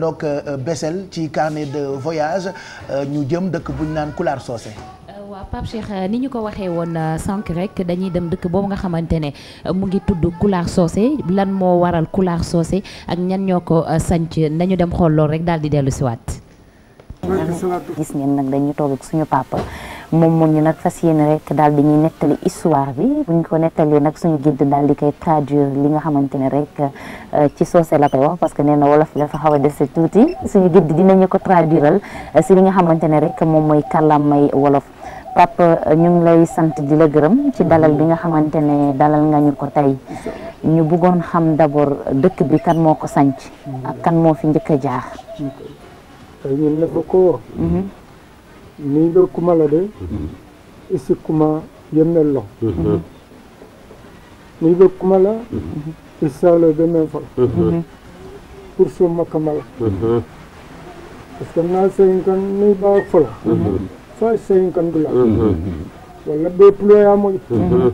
donc euh, euh, Bessel ci carnet de voyage euh, ñu jëm dëkk bu ñu naan Kulaar Soose. waaw Pape Cheikh ni ñu ko waxee woon sànq rek dañuy dem dëkk boobu nga xamante ne mu ngi tudd Kulaar Soose lan moo waral Kulaar Soose ak ñan ñoo ko sanc nañu dem xool loolu rek daal di dellu si waat. gis ngeen nag dañuy toog suñu papa. moom moom ñu nag fas yéene rek daal di ñu nettali histoire bi bu ñu ko nettalee nag suñu gédd daal di koy traduire li nga xamante ne rek euh, ci soose la koy wax parce que nee na wolof dafa xaw a dese tuuti suñu gédd dinañu ko traduiral euh, si li nga xamante ne rek moom mooy kàllaamay wolof. Papa euh, ñu ngi lay sant di la gërëm ci dalal bi nga xamante ne dalal nga ñu ko tey ñu bëggoon xam d'abord dëkk bi kan moo ko sanc ak kan moo fi njëkk a jaar. Mmh. minga kumalade mm-hmm. isi kuma yemmello minga kumala isalode men fo pour summa kamala mm-hmm. parce que na sayin kan ni ba fola fa sayin kan dula walla ɓe ployamoy mm-hmm.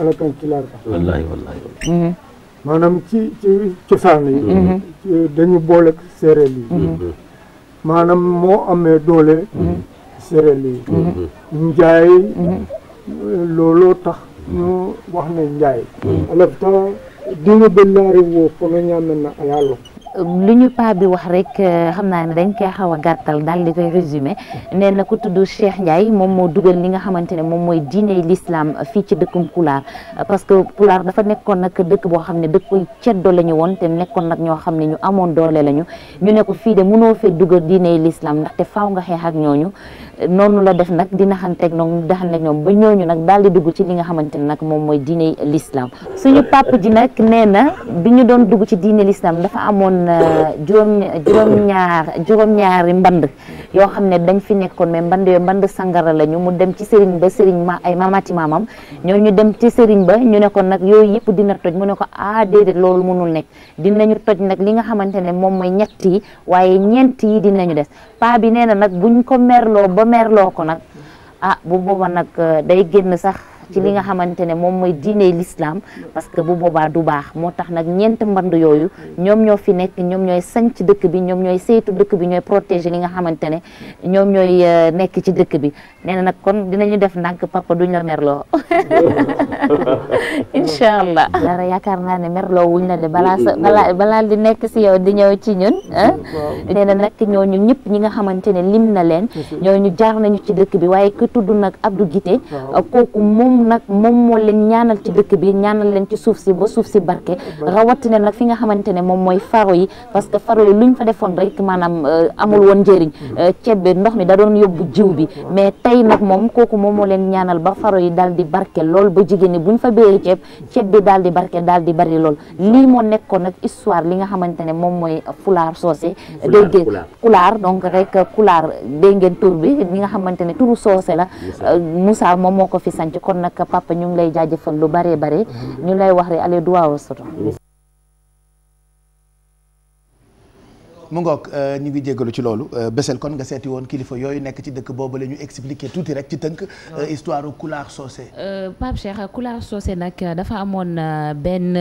ala kan kilarka wallahi wallahi maanaam ci ci cosaan yi dañu boole ak séeréer yi maanaam moo amee doole séréel yi mhm. njaay mhm. looloo tax ñu wax ne njaay alafta mhm. dinga be laari wo fono ñamen na ayalo li ñu pa bi wax rek euh, xam naa ne dañ koy xaw a gàttal daal di koy résumé nee na ku tudd Cheikh Ndiaye moom moo dugal li nga xamante ne moom mooy diine l'islam fii ci dëkkum Pulaar parce que Pulaar dafa nekkoon nag dëkk boo xam ne dëkk ceddo la ñu woon te nekkoon nag ñoo xam ne ñu amoon doole lañu ñu ne ko fii de mënoo fee dugal diine l'islam ndaxte faaw nga xeex ak ñooñu noonu la def nag dina xanteeg ñoom daxanteeg ñoom ba ñooñu nag daal dugg ci li nga xamante ne nag moom mooy diine l'islam suñu pap ji nag nee na bi ñu doon dugg ci diine l'islam dafa amoon amoon juróom juróom-ñaar juróom-ñaari mband yoo xam ne dañ fi nekkoon mais mband yooyu mband sàngara lañu mu dem ci sëriñ ba sëriñ ma ay mamati maamam ñoo ñu dem ci sëriñ ba ñu ne ko nag yooyu yëpp dina toj mu ne ko ah déedéet loolu mënul nekk dinañu toj nag li nga xamante ne moom mooy ñett yi waaye ñeent yi dinañu des paa bi nee nag buñ ko merloo ba merloo ko nag ah bu booba nag eh, day génn sax ci li nga xamante ne moom mooy diiney l'islam parce que bu boobaa du baax moo tax nag ñeent mband yooyu ñoom ñoo fi nekk ñoom ñooy sanc dëkk bi ñoom ñooy saytu dëkk bi ñooy protéger li nga xamante ne ñoom ñooy euh, nekk ci dëkk bi nee nag kon dinañu def ndànk papa duñ la merloo incha allah dara yaakaar naa ne merloo wuñ la de balaa sa balaa di nekk si yow di ñëw ci ñun ah? nee na nag ñu ñëpp ñi nga xamante ne lim na leen ñooñu jaar nañu ci dëkk bi waaye ku tudd nag Abdou Guité kooku moom moom nag moom moo leen ñaanal ci dëkk bi ñaanal leen ci suuf si ba suuf si barke rawatina nag fi nga xamante ne moom mooy faro yi parce que faro yi ñu fa defoon rek maanaam euh, amul woon njëriñ euh, ceeb bi ndox mi da doon yóbbu jiw bi mais tey nag moom kooku moom moo leen ñaanal ba faro yi daal di barke lool ba jigéen ñi buñ fa béyee ceeb ceeb bi daal di barke daal di bari lool lii moo nekkoon nag histoire li nga xamante ne moom mooy fulaar soose dégg ngeen kulaar donc rek kulaar dégg ngeen tur bi li nga xamante ne turu soose la euh, Moussa moom moo ko fi sanc kon nag nag papa ñu ngi lay jaajëfal lu bare bare mm-hmm. ñu lay wax rek ale duwaaw soto mu ngoog euh, ñu ngi jéggalu ci loolu euh, Bessél kon nga seeti woon kilifa yooyu nekk ci dëkk boobu la ñu expliquer tuuti rek ci tënk. Euh, histoire Kulaar Socé. Pape Cheikh Kulaar Socé nag dafa amoon benn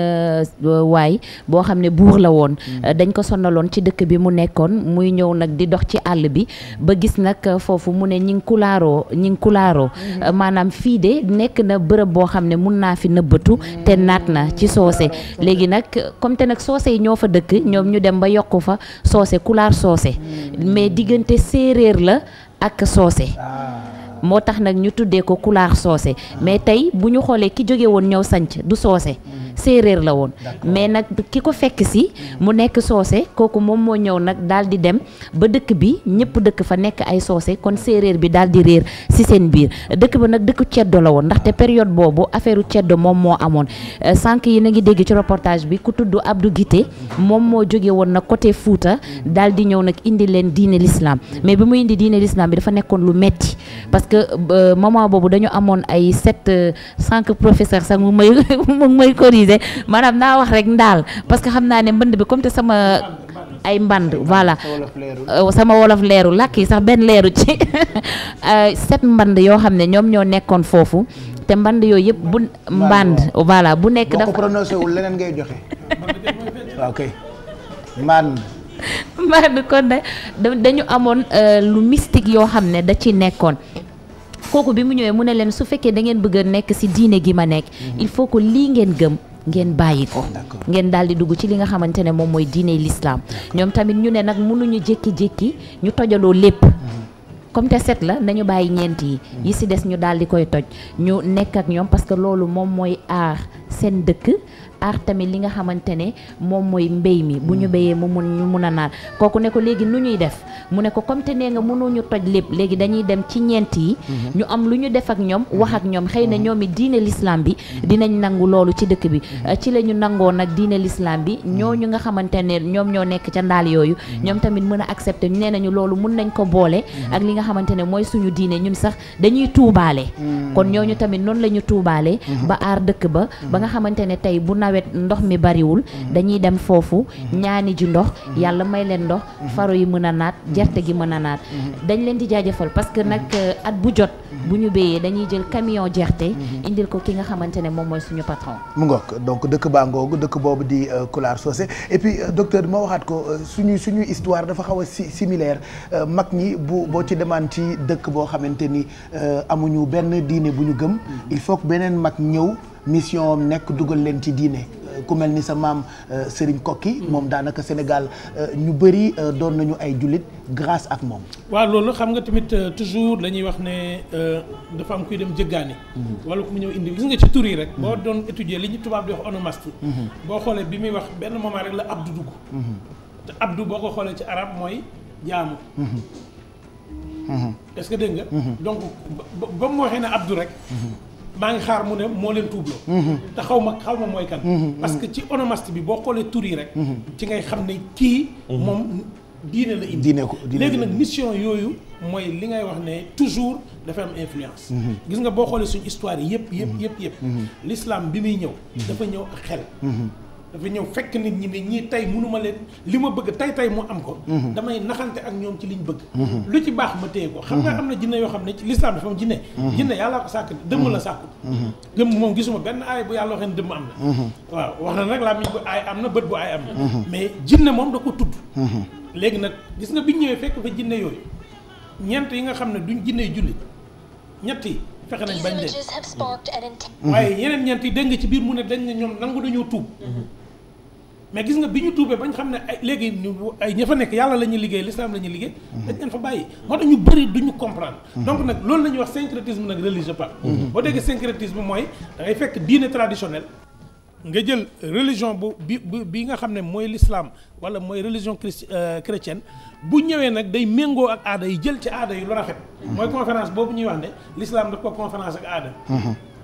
waay boo xam ne buur la woon. Mm. dañ ko sonaloon ci dëkk bi mu nekkoon muy ñëw nag di dox ci àll bi ba gis nag foofu mu ne ñi ngi kulaaroo ñi ngi kulaaroo. Mm. maanaam fii de nekk na bërëb boo xam ne mun naa fi nëbbatu mm. te naat na ci Socé léegi nag comme te nag Socé yi ñoo fa dëkk ñoom ñu dem ba yokku fa. soose kulaar soose mm. mais diggante séeréer la ak soose ah. moo tax nag ñu tuddee ko kulaar soose ah. mais tey bu ñu xoolee ki jóge woon ñëw sanc du soose mm. séeréer la woon mais nag ki ko fekk si mu nekk soose kooku moom moo ñëw nag daal di dem ba dëkk bi ñëpp dëkk fa nekk ay soose kon séeréer bi daal di réer si seen biir dëkk ba nag dëkku ceddo la woon ndaxte période boobu affaire ceddo moom moo amoon euh, sànq yi na ngi dégg ci reportage bi ku tudd Abdou Guité moom moo jóge woon nag côté Fouta daal di ñëw nag indi leen diine l'islam mais bi mu indi diine l'islam bi dafa nekkoon lu metti parce que euh, moment boobu dañu amoon ay sept euh, cinq professeurs sax utiliser maanaam naa wax rek ndaal parce que xam naa ne mbënd bi comme te sama ay mband voilà sama wolof leeru euh, làkk yi sax benn leeru ci euh, set mband yoo xam ne ñoom ñoo nekkoon foofu te mband yooyu yëpp bu mband voilà bu nekk dafa ko prononcé wul leneen ngay joxe waaw dañu amoon euh, lu mystique yoo xam ne da ci nekkoon kooku bi mu ñëwee mu ne leen su fekkee da ngeen bëgg a nekk si diine gi ma nekk mhm. il faut que lii ngeen gëm ngeen bàyyi ko ngeen daal di dugg ci li nga xamante ne moom mooy diine l'islam ñoom tamit ñu ne nag mënuñu jékki-jékki ñu tojaloo lépp mm-hmm. comme te set la nañu bàyyi ñeent yi mm-hmm. yi si des ñu daal di koy toj ñu nekk ak ñoom parce que loolu moom mooy aar seen dëkk aar tamit li nga xamante ne moom mooy mbéy mi bu ñu mm. béyee mu mun ñu mun a naan kooku ne ko léegi nu ñuy def mu ne ko comme te nee nga mënuñu toj lépp léegi dañuy dem ci ñeent yi mm-hmm. ñu am lu ñu def ak ñoom wax ak ñoom xëy na mm-hmm. ñoom i diine l'islam bi mm-hmm. dinañ nangu loolu ci dëkk bi ci la ñu nangoo nag diine l'islam bi ñooñu nga xamante ne ñoom ñoo nekk ca ndaal yooyu ñoom tamit mën a accepté ñu nee nañu loolu mun nañ ko boole ak li nga xamante ne mooy suñu diine ñun sax dañuy tuubaale kon ñooñu tamit noonu la tuubaale ba aar dëkk ba ba nga xamante ne tey bu nawet ndox mi bariwul mhm. dañuy dem foofu mhm. ñaani ji ndox mhm. yàlla may leen ndox faro yi mën a naat gerte gi mën a naat dañ leen di jaajëfal parce que nag euh, at bu jot bu ñu béyee dañuy jël camion gerte indil ko ki nga xamante ne moom mooy suñu patron mu ngoog donc dëkk baa ngoogu dëkk boobu di euh, Kulaar Socé et puis euh, docteur moo waxaat ko suñu suñu histoire dafa xaw a similaire mag ñi bu boo ci demaan ci dëkk boo xamante ni amuñu benn diine bu ñu gëm il faut beneen mag ñëw mission am nekk dugal leen ci diine ku mel ni sa maam euh, Serigne Kokki mm. moom daanaka Sénégal euh, ñu bëri euh, doon nañu ay jullit grace ak moom. waaw loolu xam nga tamit toujours dañuy wax ne dafa am kuy dem jëggaani. Mm-hmm. wala ku mu ñëw indi gis nga ci tur yi rek. boo mm-hmm. doon étudier li ñu tubaab di wax onomastique. Mm-hmm. boo xoolee bi muy wax benn moment rek la abdu dugg. te abdu boo ko xoolee ci arab mooy jaamu. est-ce que dégg nga. donc ba mu waxee ne abdu rek. maa ngi xaar mu ne moo leen tuubloo mhm. te xaw ma xaw ma mooy kan mhm, mhm. parce que ci onomaste bi boo xoolee tur yi rek ci ngay xam ne kii moom diine la indi diine ko léegi nag mission yooyu mooy li ngay wax ne toujours dafa am influence gis nga boo xoolee suñu histoire yi yëpp yëpp yëpp yëpp l'islam bi muy ñëw dafa ñëw ak xel dafa ñëw fekk nit ñi ne ñi tey mënuma leen li ma bëgg tey tey mu am ko mhm. damay naxante ak ñoom ci li ñu bëgg mhm. lu ci baax ma téye ko xam nga mhm. am na jinne yoo xam ne ci lislaam dafa am jinne jinne yàllaa ko sàkk dëmm la sàkku dëmm benn aay bu yàlla waxee ne dëmm na waaw wax na nag laa miñ bu am na bët bu aay am na mais jinne moom da ko tudd léegi nag gis nga biñ ñëwee fekk fa jinne yooyu ñeent yi nga xam ne duñ jinne yu jullit ñett yi fexe nañ bañ leen waaye yeneen ñeent yi dégg nga ci biir mu ne dañ ne ñoom nangu dañoo tuub mais gis nga bi ñu tuubee bañ xam ne ay léegi ñu ay ña fa nekk yàlla la ñuy liggéey l'islam la ñuy liggéey dañ leen fa bàyyi moo tax ñu bëri duñu comprendre donc nag loolu la ñuy wax syncrétisme nag religieux par boo déggee syncrétisme mooy da ngay fekk diine traditionnelle nga jël religion bu bi bi nga xam ne mooy lislaam wala mooy religion christi euh, chrétienne bu ñëwee nag day méngoo ak aada yi jël ci aada yi lu rafet mooy conférence boobu ñuy wax ne l'islam daf ko conférence ak aada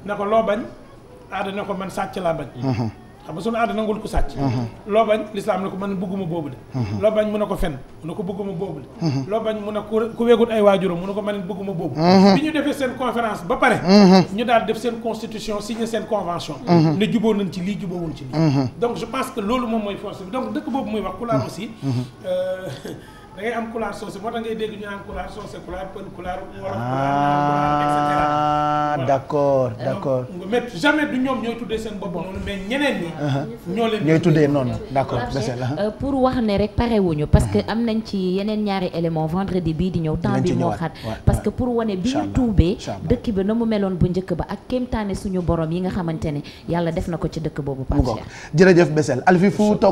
na ko loo bañ aada na ko man sàcc laa xam nga sunu aada nangul ko sàcc loo bañ lislaam ne ko man bëgguma boobu de loo bañ mu ne ko fen mu a ko bëgguma boobu de loo bañ ñu defee seen conférence ba pare ñu daal def seen constitution signé seen convention ne juboo nañ ci lii juboowuñ ci lii donc je pense que loolu moom mooy force bi donc dëkk boobu muy wax ku laa euh, aussi da ngay am kulaar soose moo tax ngay dégg ñu naan kulaar soose kulaar pël kulaar wolof ah, noonu mais ñeneen ñi. Uh-huh. Euh, pour wax ne rek parewuñu parce que uh-huh. am nañ ci yeneen ñaari élément vendredi bii di ñëw temps bi moo xat parce que pour wane bi ñu tuubee dëkk bi na mu meloon bu njëkk ba ak kéemtaane suñu borom yi nga xamante ne yàlla def na ko ci dëkk boobu. mu jërëjëf Bessél Alfi fu toog